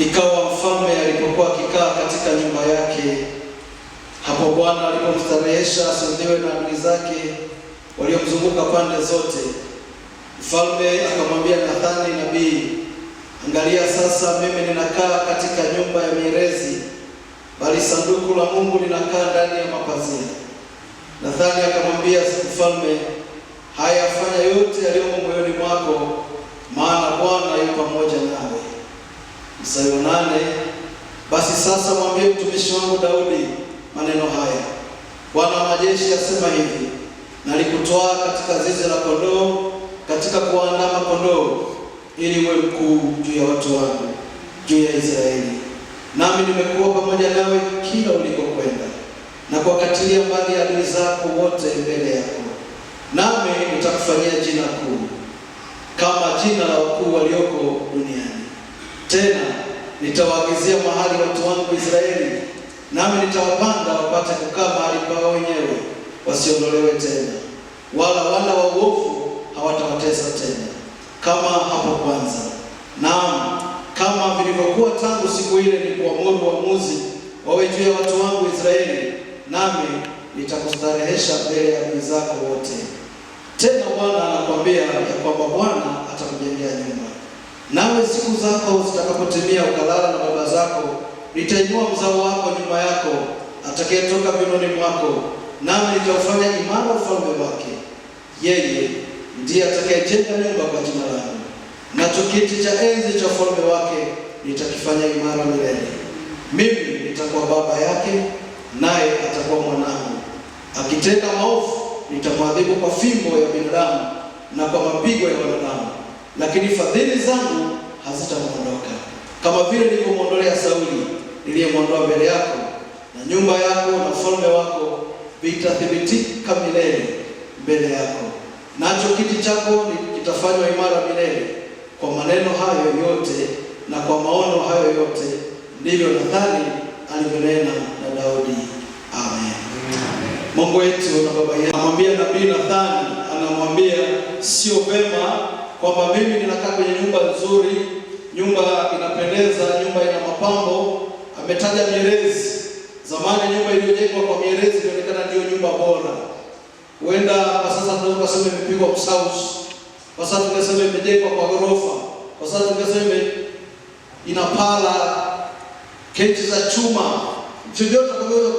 Ikawa mfalme alipokuwa akikaa katika nyumba yake, hapo Bwana alipomstarehesha asudhiwe na adui zake waliomzunguka pande zote, mfalme akamwambia Nathani nabii, angalia sasa mimi ninakaa katika nyumba ya mierezi, bali sanduku la Mungu linakaa ndani ya mapazia. Nathani akamwambia mfalme, haya fanya yote yaliyomo moyoni mwako, maana Bwana yu pamoja nawe. Isayo nane basi sasa mwambie mtumishi wangu Daudi maneno haya, Bwana wa majeshi asema hivi, nalikutoa katika zizi la kondoo, katika kuwaandama kondoo, ili uwe mkuu juu ya watu wangu, juu ya Israeli, nami nimekuwa pamoja nawe kila ulikokwenda, na kuwakatilia mbali adui zako wote mbele yako, nami nitakufanyia jina kuu kama jina la wakuu walioko duniani. Tena nitawaagizia mahali watu wangu Israeli, nami nitawapanda wapate kukaa mahali pao wenyewe, wasiondolewe tena, wala wana wa uovu hawatawatesa tena kama hapo kwanza. Naam, kama vilivyokuwa tangu siku ile nilipoamuru waamuzi wawe juu ya watu wangu Israeli, nami nitakustarehesha mbele ya adui zako wote. Tena Bwana anakwambia ya kwamba Bwana atakujengea nyumba Nawe siku zako zitakapotimia ukalala na baba zako, nitainua mzao wako nyuma yako atakayetoka vinoni mwako, nami nitaufanya imara ufalme wake. Yeye ndiye atakayejenga nyumba kwa jina langu, nacho kiti cha enzi cha ufalme wake nitakifanya imara milele. Mimi nitakuwa baba yake, naye atakuwa mwanangu. Akitenda maovu nitamwadhibu kwa fimbo ya binadamu na kwa mapigo ya wanadamu lakini fadhili zangu hazitamuondoka, kama vile nilivyomwondolea Sauli niliyemwondoa mbele yako, na nyumba yako na ufalme wako vitathibitika milele mbele yako, nacho kiti chako kitafanywa imara milele. Kwa maneno hayo yote na kwa maono hayo yote, ndivyo Nathani alivyonena na Daudi. Amen. Mungu wetu na baba yetu, anamwambia nabii Nathani, anamwambia sio vema kwamba mimi ninakaa kwenye nyumba nzuri, nyumba inapendeza, nyumba ina mapambo. Ametaja mierezi. Zamani nyumba iliyojengwa kwa mierezi ilionekana ndiyo nyumba bora. Huenda kwa sasa tunaweza kusema imepigwa msausi, kwa sasa tunasema imejengwa kwa ghorofa, kwa sasa tunasema ina pala kenchi za chuma, chochote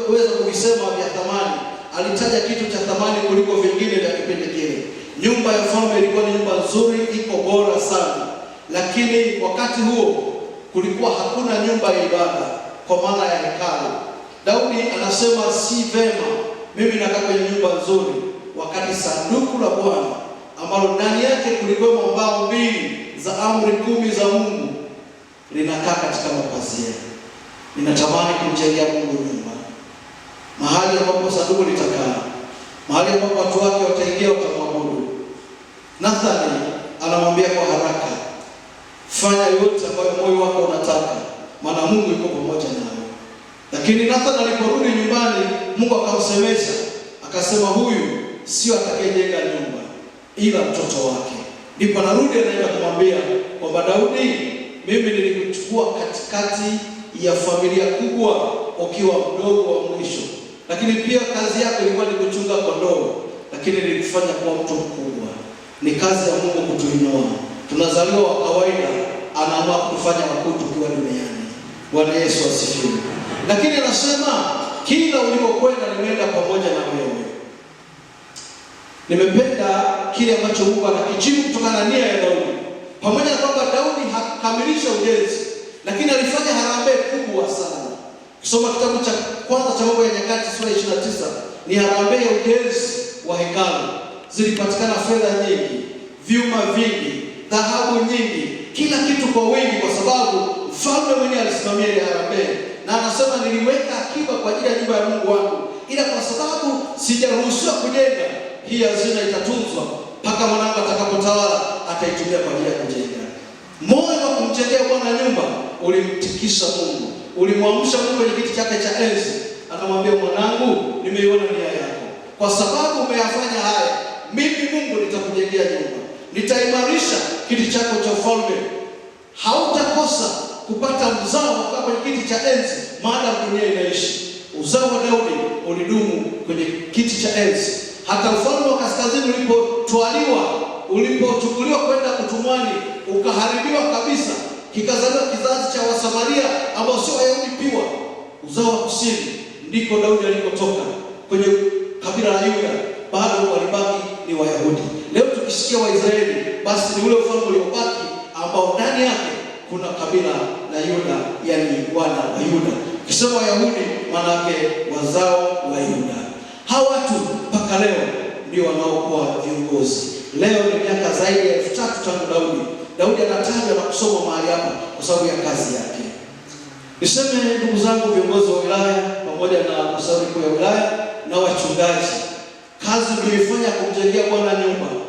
kuweza kuisema vya thamani. Alitaja kitu cha thamani kuliko vingine vya kipindi kile. Nyumba ya mfalme ilikuwa ni nyumba nzuri, iko bora sana, lakini wakati huo kulikuwa hakuna nyumba ya ibada kwa maana ya hekalu. Daudi anasema si vema mimi nakaa kwenye nyumba nzuri, wakati sanduku la Bwana ambalo ndani yake kulikuwa mbao mbili za amri kumi za Mungu linakaa katika makazi yetu. Ninatamani kumjengea Mungu nyumba, mahali ambapo sanduku litakaa, mahali ambapo watu wake wataingia, watamwabudu Nathani anamwambia kwa haraka, fanya yote ambayo moyo wako unataka, maana Mungu yuko pamoja nawe. Lakini Nathani aliporudi nyumbani, Mungu akamsemesha akasema, huyu sio atakayejenga nyumba, ila mtoto wake. Ndipo anarudi anaenda kumwambia kwamba Daudi, mimi nilikuchukua katikati ya familia kubwa ukiwa mdogo wa mwisho, lakini pia kazi yako ilikuwa ni kuchunga kondoo, lakini nilikufanya kuwa mtu mkubwa. Ni kazi ya Mungu kutuinua. Tunazaliwa wa kawaida, anaamua kufanya wakuu tukiwa duniani. Bwana Yesu asifiwe. Lakini anasema kila ulipokwenda nimeenda pamoja na wewe. Nimependa kile ambacho Mungu anakijibu kutokana na nia ya Daudi. Pamoja na kwamba Daudi hakamilisha ujenzi, lakini alifanya harambee kubwa sana. kisoma kitabu cha kwanza cha Mambo ya Nyakati sura ya 29 ni harambee ya ujenzi wa hekalu zilipatikana fedha nyingi, vyuma vingi, dhahabu nyingi, kila kitu kwa wingi, kwa sababu mfalme mwenyewe alisimamia ile harambee, na anasema niliweka akiba kwa ajili ya nyumba ya Mungu wangu, ila kwa sababu sijaruhusiwa kujenga, hii hazina itatunzwa mpaka mwanangu atakapotawala, ataitumia kwa ajili ya kujenga. Moyo wa kumjengea Bwana nyumba ulimtikisa Mungu, ulimwamsha Mungu kwenye kiti chake cha enzi, akamwambia mwanangu, nimeiona nia yako, kwa sababu umeyafanya haya nitakujengea nyumba, nitaimarisha kiti chako cha ufalme, hautakosa kupata mzao kwa kwenye kiti cha enzi, maadamu dunia inaishi. Uzao wa Daudi ulidumu kwenye kiti cha enzi, hata ufalme wa kaskazini ulipotwaliwa, ulipochukuliwa kwenda utumwani, ukaharibiwa kabisa, kikazaliwa kizazi cha Wasamaria ambao sio Wayahudi piwa. Uzao wa kusini ndiko Daudi alipotoka kwenye kabila la Yuda, bado walibaki ni Wayahudi kusikia Waisraeli, basi ni ule ufalme uliobaki ambao ndani yake kuna kabila la Yuda, yani wana wa Yuda. Ukisema Wayahudi, maana yake wazao wa Yuda. Hawa watu mpaka leo ndio wanaokuwa viongozi. Leo ni miaka zaidi ya elfu tatu tangu Daudi. Daudi anatajwa na kusoma mahali hapa kwa sababu ya kazi yake. Niseme ndugu zangu, viongozi wa wilaya pamoja na halmashauri kuu ya wilaya na wachungaji, kazi mlioifanya kumjengea Bwana nyumba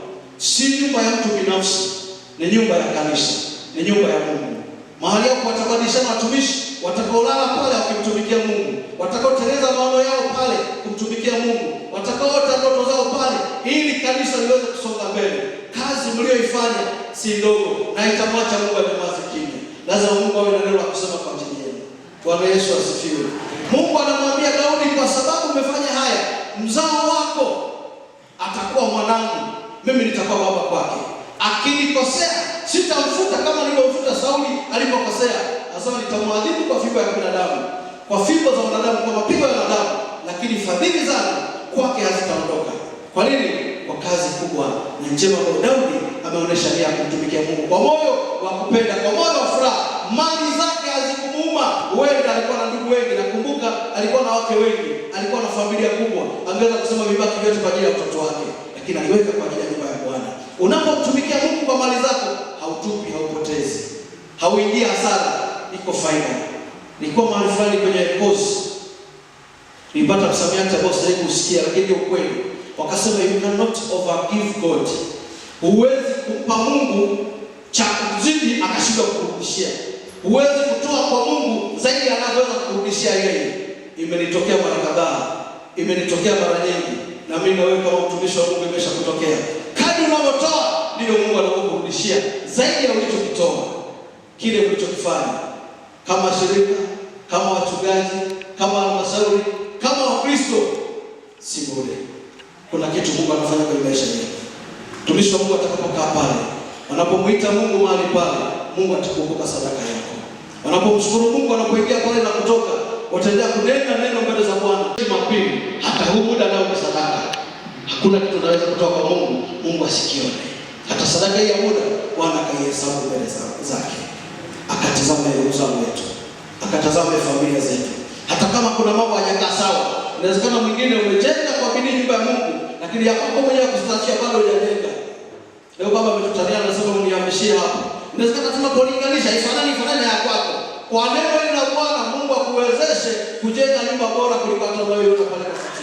si nyumba ya mtu binafsi, ni nyumba ya kanisa, ni nyumba ya Mungu, mahali hapo watabadilishana watumishi watakaolala pale wakimtumikia Mungu, watakaoteleza maono yao pale kumtumikia Mungu, watakaoota ndoto zao pale, ili kanisa liweze kusonga mbele. Kazi mlioifanya si ndogo, na itamwacha Mungu anyamaze kimya. Lazima Mungu awe na neno la kusema kwa ajili yenu. Bwana Yesu asifiwe. Mungu anamwambia Daudi, kwa sababu umefanya haya, mzao wako atakuwa mwanangu mimi nitakuwa baba kwake. Akinikosea sitamfuta kama nilivyomfuta Sauli alipokosea. Sasa nitamwadhibu kwa fimbo ya binadamu, kwa fimbo za wanadamu, kwa mapigo ya wanadamu, lakini fadhili zangu kwake hazitaondoka. Kwa nini? Kwa kazi kubwa na njema ambayo Daudi ameonyesha nia ya kumtumikia Mungu kwa moyo wa kupenda, kwa moyo wa furaha. Mali zake hazikumuuma. Huenda alikuwa na ndugu wengi, nakumbuka alikuwa na wake wengi, alikuwa na familia kubwa, angeweza kusema vibaki vyote kwa ajili ya mtoto wake, lakini aliweka kwa ajili Unapomtumikia Mungu kwa mali zako, hautupi, haupotezi, hauingia hasara, iko faida. Nilikuwa mahali fulani kwenye kozi, nilipata msamiati ambao sijawahi kusikia, lakini ni ukweli. Wakasema you cannot overgive God, huwezi kumpa Mungu cha kuzidi akashindwa kukurudishia. Huwezi kutoa kwa Mungu zaidi anavyoweza kukurudishia yeye. Imenitokea mara kadhaa, imenitokea mara nyingi, na mimi na wewe kama mtumishi wa Mungu kutokea kadri unavyotoa ndivyo Mungu anavyokurudishia zaidi ya ulichokitoa, kile ulichokifanya kama shirika, kama wachungaji, kama halmashauri, kama Wakristo si bure. Kuna kitu Mungu anafanya kwenye maisha yetu. Mtumishi wa Mungu atakapokaa pale, wanapomwita Mungu mahali pale, Mungu atakukumbuka sadaka yako. Wanapomshukuru Mungu, wanapoingia pale na kutoka, wataendelea kunena neno mbele za Bwana. Jumapili hata huu muda nao sadaka hakuna Mungu asikione. Hata sadaka ya muda Bwana akaihesabu mbele zake, akatazama Yerusalemu wetu, akatazama familia zetu. Hata kama kuna mambo hayajakaa sawa, inawezekana mwingine umejenga kwa bidii nyumba ya Mungu, lakini yako mwenyewe kusafisha bado hujajenga. Leo baba ametutalia anasema unihamishie hapo. Inawezekana tuna tunapolinganisha ifanani ifanani ya kwako. Kwa neno la Bwana Mungu akuwezeshe kujenga nyumba bora kuliko hata wewe unapeleka sasa.